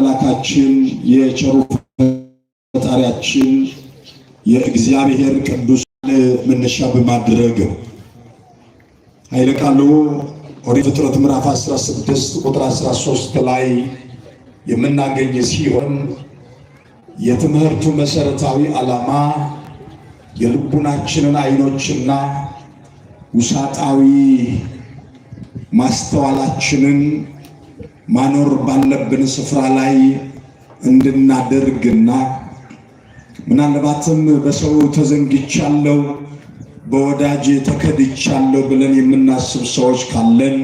የአምላካችን የቸሩ ፈጣሪያችን የእግዚአብሔር ቅዱስ መነሻ በማድረግ ኃይለ ቃሉ ኦሪት ፍጥረት ምዕራፍ 16 ቁጥር 13 ላይ የምናገኝ ሲሆን የትምህርቱ መሰረታዊ ዓላማ የልቡናችንን አይኖችና ውሳጣዊ ማስተዋላችንን ማኖር ባለብን ስፍራ ላይ እንድናደርግና ምናልባትም በሰው ተዘንግቻለሁ፣ በወዳጅ ተከድቻለሁ ብለን የምናስብ ሰዎች ካለን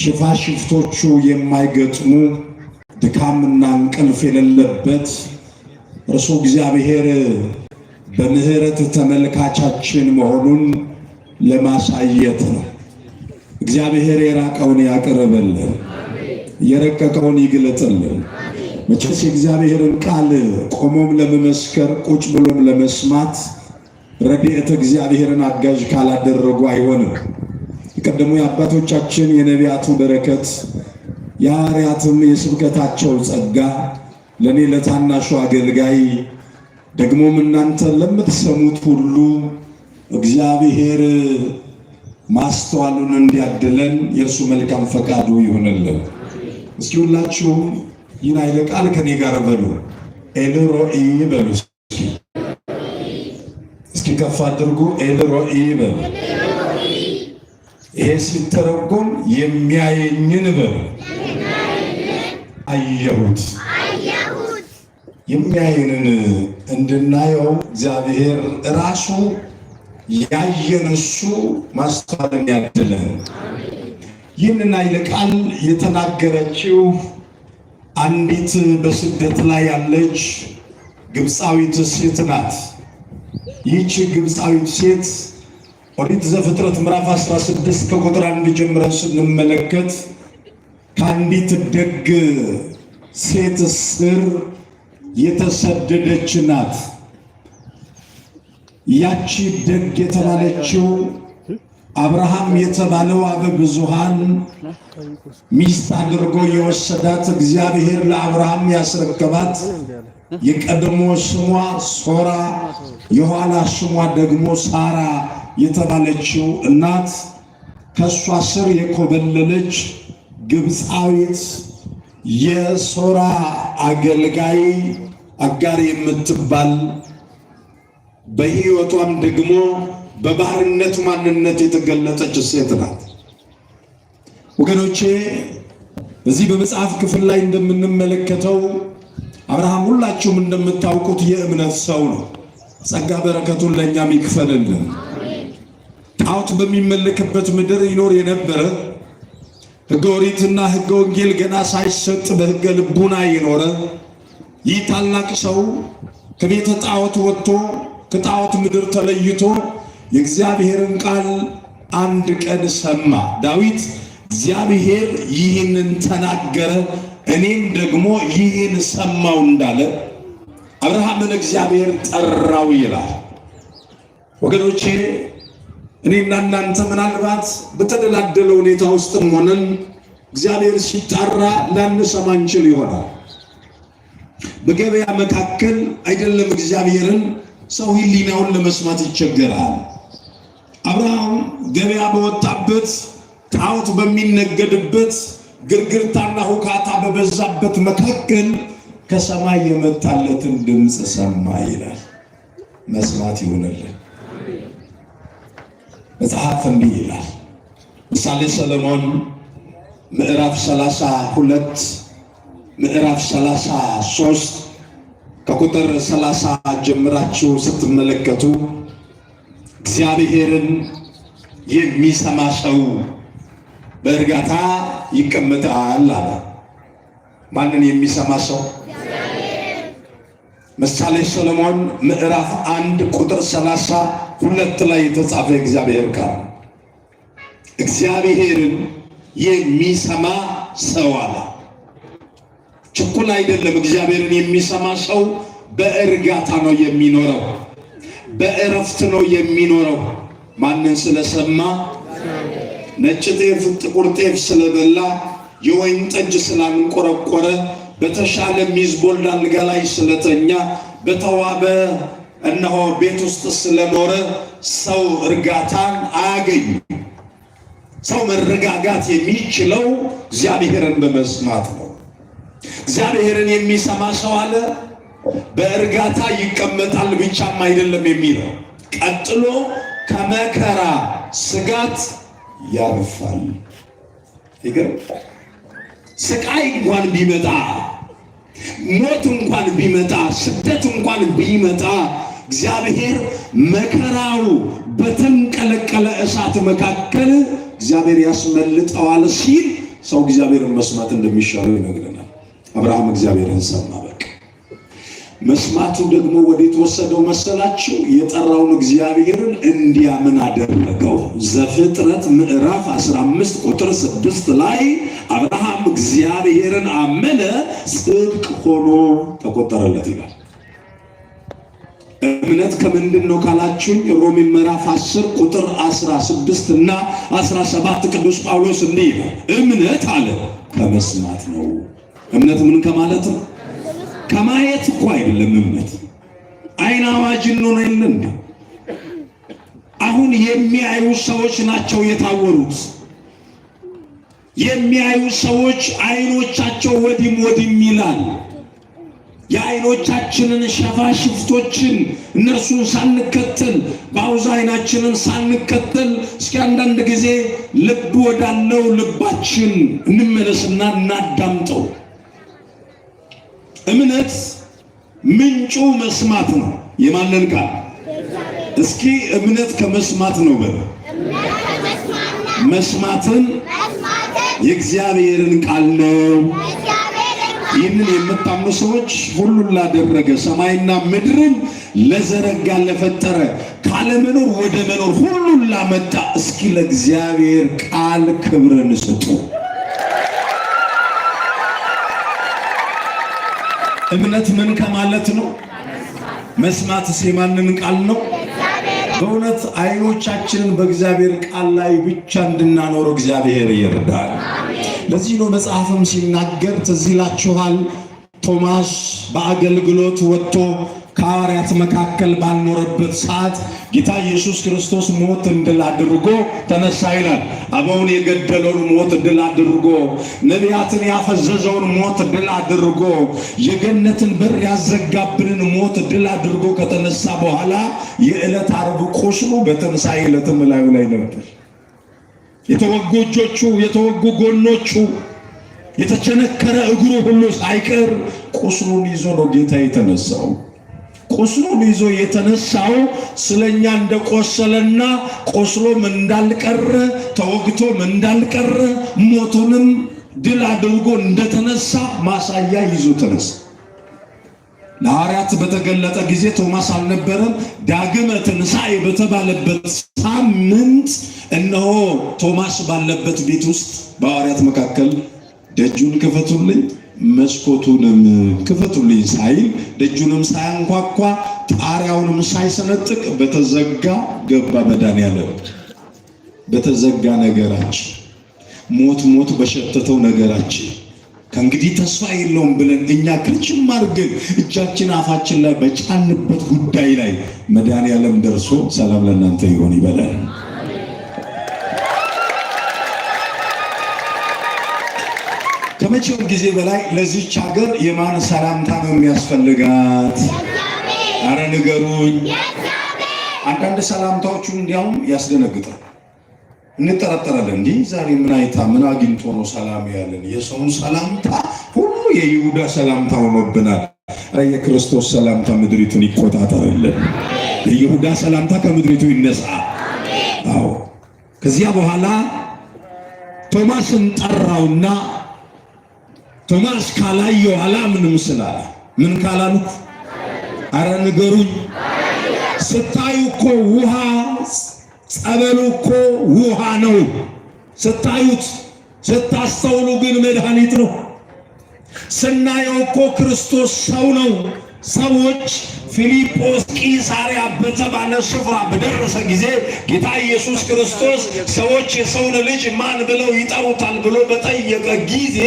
ሽፋሽፍቶቹ የማይገጥሙ ድካምና እንቅልፍ የሌለበት እርሱ እግዚአብሔር በምሕረት ተመልካቻችን መሆኑን ለማሳየት ነው። እግዚአብሔር የራቀውን ያቅርብልን፣ የረቀቀውን ይግለጥልን። መቼስ የእግዚአብሔርን ቃል ቆሞም ለመመስከር ቁጭ ብሎም ለመስማት ረድኤተ እግዚአብሔርን አጋዥ ካላደረጉ አይሆንም። የቀደሙ የአባቶቻችን የነቢያቱ በረከት የሐዋርያትም የስብከታቸው ጸጋ ለእኔ ለታናሹ አገልጋይ ደግሞም እናንተ ለምትሰሙት ሁሉ እግዚአብሔር ማስተዋሉን እንዲያድለን የእርሱ መልካም ፈቃዱ ይሆንልን። እስኪ ሁላችሁም ይህን ኃይለ ቃል ከኔ ጋር በሉ፣ ኤልሮኢ በሉ። እስኪ ከፍ አድርጉ፣ ኤልሮኢ በሉ። ይሄ ሲተረጎም የሚያየኝን በሉ። አየሁት የሚያየንን እንድናየው እግዚአብሔር ራሱ ያየን እሱ ማስተዋልን ያድለን። ይህንን ኃይለ ቃል የተናገረችው አንዲት በስደት ላይ ያለች ግብፃዊት ሴት ናት። ይህቺ ግብፃዊት ሴት ኦሪት ዘፍጥረት ምዕራፍ 16 ከቁጥር አንድ ጀምረን ስንመለከት ከአንዲት ደግ ሴት ስር የተሰደደች ናት። ያቺ ደግ የተባለችው አብርሃም የተባለው አበ ብዙሃን ሚስት አድርጎ የወሰዳት እግዚአብሔር ለአብርሃም ያስረከባት የቀድሞ ስሟ ሶራ የኋላ ስሟ ደግሞ ሳራ የተባለችው እናት ከእሷ ስር የኮበለለች ግብፃዊት የሶራ አገልጋይ አጋር የምትባል በሕይወቷም ደግሞ በባህርነት ማንነት የተገለጠች ሴት ናት። ወገኖቼ በዚህ በመጽሐፍ ክፍል ላይ እንደምንመለከተው አብርሃም ሁላችሁም እንደምታውቁት የእምነት ሰው ነው። ጸጋ በረከቱን ለእኛም ይክፈልልን። ጣዖት በሚመለክበት ምድር ይኖር የነበረ ሕገ ኦሪትና ሕገ ወንጌል ገና ሳይሰጥ በሕገ ልቡና የኖረ ይህ ታላቅ ሰው ከቤተ ጣዖት ወጥቶ ከጣዖት ምድር ተለይቶ የእግዚአብሔርን ቃል አንድ ቀን ሰማ። ዳዊት እግዚአብሔር ይህንን ተናገረ፣ እኔም ደግሞ ይህን ሰማው እንዳለ አብርሃምን እግዚአብሔር ጠራው ይላል። ወገኖቼ እኔና እናንተ ምናልባት በተደላደለ ሁኔታ ውስጥም ሆነን እግዚአብሔር ሲጣራ ላንሰማ እንችል ይሆናል። በገበያ መካከል አይደለም እግዚአብሔርን ሰው ሕሊናውን ለመስማት ይቸገራል። አብርሃም ገበያ በወጣበት ጣዖት በሚነገድበት ግርግርታና ሁካታ በበዛበት መካከል ከሰማይ የመጣለትን ድምፅ ሰማ ይላል። መስማት ይሆንልን። መጽሐፍ እንዲህ ይላል ምሳሌ ሰለሞን ምዕራፍ 32 ምዕራፍ 33 ከቁጥር ሰላሳ ጀምራችሁ ስትመለከቱ እግዚአብሔርን የሚሰማ ሰው በእርጋታ ይቀመጣል አለ። ማንን የሚሰማ ሰው? ምሳሌ ሰሎሞን ምዕራፍ አንድ ቁጥር ሰላሳ ሁለት ላይ የተጻፈ እግዚአብሔር ቃል እግዚአብሔርን የሚሰማ ሰው አለ። በተንኮል አይደለም። እግዚአብሔርን የሚሰማ ሰው በእርጋታ ነው የሚኖረው፣ በእረፍት ነው የሚኖረው። ማንን ስለሰማ? ነጭ ጤፍ፣ ጥቁር ጤፍ ስለበላ፣ የወይን ጠጅ ስላንቆረቆረ፣ በተሻለ ሚዝቦልድ አልጋ ላይ ስለተኛ፣ በተዋበ እነሆ ቤት ውስጥ ስለኖረ ሰው እርጋታን አያገኝ። ሰው መረጋጋት የሚችለው እግዚአብሔርን በመስማት ነው። እግዚአብሔርን የሚሰማ ሰው አለ በእርጋታ ይቀመጣል ብቻም አይደለም የሚለው ቀጥሎ ከመከራ ስጋት ያርፋል። ይገርም ስቃይ እንኳን ቢመጣ ሞት እንኳን ቢመጣ ስደት እንኳን ቢመጣ እግዚአብሔር መከራው በተንቀለቀለ እሳት መካከል እግዚአብሔር ያስመልጠዋል ሲል ሰው እግዚአብሔርን መስማት እንደሚሻለው ይነግረናል። አብርሃም እግዚአብሔርን ሰማ። በቃ መስማቱ ደግሞ ወዴት ወሰደው መሰላችሁ? የጠራውን እግዚአብሔርን እንዲያምን አደረገው። ዘፍጥረት ምዕራፍ 15 ቁጥር 6 ላይ አብርሃም እግዚአብሔርን አመነ፣ ጽድቅ ሆኖ ተቆጠረለት ይላል። እምነት ከምንድን ነው ካላችሁኝ፣ ሮሜ ምዕራፍ 10 ቁጥር 16 እና 17 ቅዱስ ጳውሎስ እንዲህ ይላል፣ እምነት አለ ከመስማት ነው እምነት ምን ከማለት ነው? ከማየት እኮ አይደለም። እምነት አይን አዋጅ እንሆናለን። አሁን የሚያዩ ሰዎች ናቸው የታወሩት። የሚያዩ ሰዎች አይኖቻቸው ወዲም ወዲም ይላል። የአይኖቻችንን ሸፋሽፍቶችን እነርሱን ሳንከተል በአውዛ አይናችንን ሳንከተል እስኪ አንዳንድ ጊዜ ልብ ወዳለው ልባችን እንመለስና እናዳምጠው። እምነት ምንጩ መስማት ነው። የማንን ቃል እስኪ እምነት ከመስማት ነው። በል መስማትን የእግዚአብሔርን ቃል ነው። ይህንን የምታምኑ ሰዎች ሁሉን ላደረገ ሰማይና ምድርን ለዘረጋ ለፈጠረ ካለመኖር ወደ መኖር ሁሉን ላመጣ እስኪ ለእግዚአብሔር ቃል ክብርን ስጡ። እምነት ምን ከማለት ነው? መስማትስ የማንን ቃል ነው? በእውነት አይኖቻችንን በእግዚአብሔር ቃል ላይ ብቻ እንድናኖረው እግዚአብሔር ይርዳል። ለዚህ ነው መጽሐፍም ሲናገር ትዝ ይላችኋል፣ ቶማስ በአገልግሎት ወጥቶ ከሐዋርያት መካከል ባልኖረበት ሰዓት ጌታ ኢየሱስ ክርስቶስ ሞት ድል አድርጎ ተነሳ ይላል። አበውን የገደለውን ሞት ድል አድርጎ፣ ነቢያትን ያፈዘዘውን ሞት እድል አድርጎ፣ የገነትን በር ያዘጋብንን ሞት እድል አድርጎ ከተነሳ በኋላ የዕለት ዓርብ ቁስሉ በትንሣኤ ዕለትም ላዩ ላይ ነበር። የተወጉ እጆቹ፣ የተወጉ ጎኖቹ፣ የተቸነከረ እግሩ ሁሉ ሳይቀር ቁስሉን ይዞ ነው ጌታ የተነሳው። ቁስሉን ይዞ የተነሳው ስለኛ እንደቆሰለና ቆስሎም እንዳልቀረ ተወግቶም እንዳልቀረ ሞቱንም ድል አድርጎ እንደተነሳ ማሳያ ይዞ ተነሳ። ለሐዋርያት በተገለጠ ጊዜ ቶማስ አልነበረም። ዳግመ ትንሣኤ በተባለበት ሳምንት እነሆ ቶማስ ባለበት ቤት ውስጥ በሐዋርያት መካከል ደጁን ክፈቱልኝ መስኮቱንም ክፈቱልኝ ሳይል ደጁንም ሳያንኳኳ ጣሪያውንም ሳይሰነጥቅ በተዘጋ ገባ። መድኃኒዓለም በተዘጋ ነገራችን፣ ሞት ሞት በሸተተው ነገራችን ከእንግዲህ ተስፋ የለውም ብለን እኛ ክርጭም አድርገን እጃችን አፋችን ላይ በጫንበት ጉዳይ ላይ መድኃኒዓለም ደርሶ ሰላም ለእናንተ ይሆን ይበላል። ከመቼው ጊዜ በላይ ለዚች ሀገር የማን ሰላምታ ነው የሚያስፈልጋት? አረ ንገሩኝ። አንዳንድ ሰላምታዎቹ እንዲያውም ያስደነግጣል። እንጠረጠራለን። እንዲህ ዛሬ ምን አይታ ምን አግኝቶ ነው ሰላም ያለን? የሰውን ሰላምታ ሁሉ የይሁዳ ሰላምታ ሆኖብናል። አረ የክርስቶስ ሰላምታ ምድሪቱን ይቆጣጠርልን። የይሁዳ ሰላምታ ከምድሪቱ ይነሳ። አዎ ከዚያ በኋላ ቶማስን ጠራውና ቶማስ ካላየው አላምንም ስላለ ምን ካላሉ? አረ ንገሩኝ። ስታዩ እኮ ውሃ ጸበሉ እኮ ውሃ ነው። ስታዩት ስታስተውሉ ግን መድኃኒት ነው። ስናየው እኮ ክርስቶስ ሰው ነው። ሰዎች ፊልጶስ ቂሳሪያ በተባለ ስፍራ በደረሰ ጊዜ ጌታ ኢየሱስ ክርስቶስ ሰዎች የሰውን ልጅ ማን ብለው ይጠሩታል ብሎ በጠየቀ ጊዜ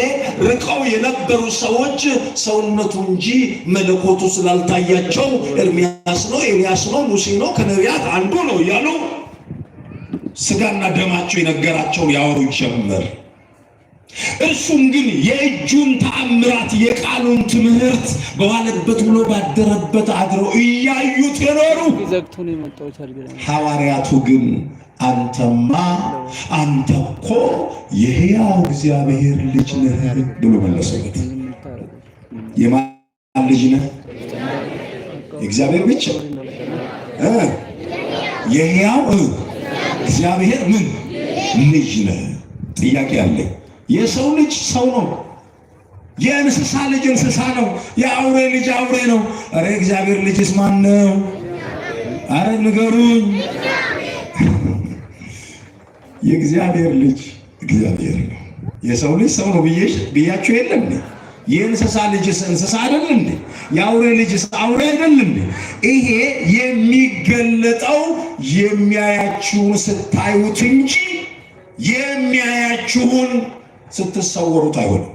ርቀው የነበሩ ሰዎች ሰውነቱ እንጂ መለኮቱ ስላልታያቸው ኤርሚያስ ነው፣ ኤልያስ ነው፣ ሙሴ ነው፣ ከነቢያት አንዱ ነው እያሉ ስጋና ደማቸው የነገራቸውን ያወሩ ጀመር። እርሱም ግን የእጁን ተአምራት የቃሉን ትምህርት በዋለበት ብሎ ባደረበት አድረው እያዩት የኖሩ ሐዋርያቱ ግን አንተማ አንተ እኮ የሕያው እግዚአብሔር ልጅ ነህ ብሎ መለሰበት። የማን ልጅ ነህ? የእግዚአብሔር ብቻ የሕያው እግዚአብሔር ምን ልጅ ነህ? ጥያቄ አለኝ። የሰው ልጅ ሰው ነው። የእንስሳ ልጅ እንስሳ ነው። የአውሬ ልጅ አውሬ ነው። አረ እግዚአብሔር ልጅስ ማን ነው? አረ ንገሩኝ። የእግዚአብሔር ልጅ እግዚአብሔር ነው። የሰው ልጅ ሰው ነው ብያችሁ የለም የእንስሳ ልጅስ እንስሳ አይደል እንዴ? የአውሬ ልጅስ አውሬ አይደል እንዴ? ይሄ የሚገለጠው የሚያያችሁን ስታዩት እንጂ የሚያያችሁን ስትሰወሩት አይሆንም።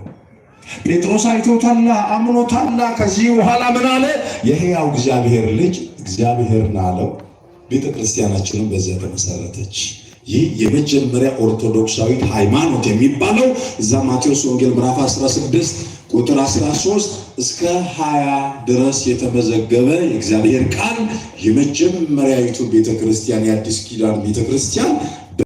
ጴጥሮስ አይቶታላ፣ አምኖታላ። ከዚህ በኋላ ምን አለ? የሕያው እግዚአብሔር ልጅ እግዚአብሔር ነው አለው። ቤተ ክርስቲያናችንም በዚያ ተመሰረተች። ይህ የመጀመሪያ ኦርቶዶክሳዊ ሃይማኖት የሚባለው እዛ ማቴዎስ ወንጌል ምዕራፍ 16 ቁጥር 13 እስከ 20 ድረስ የተመዘገበ የእግዚአብሔር ቃል የመጀመሪያዊቱ ቤተክርስቲያን የአዲስ ኪዳን ቤተክርስቲያን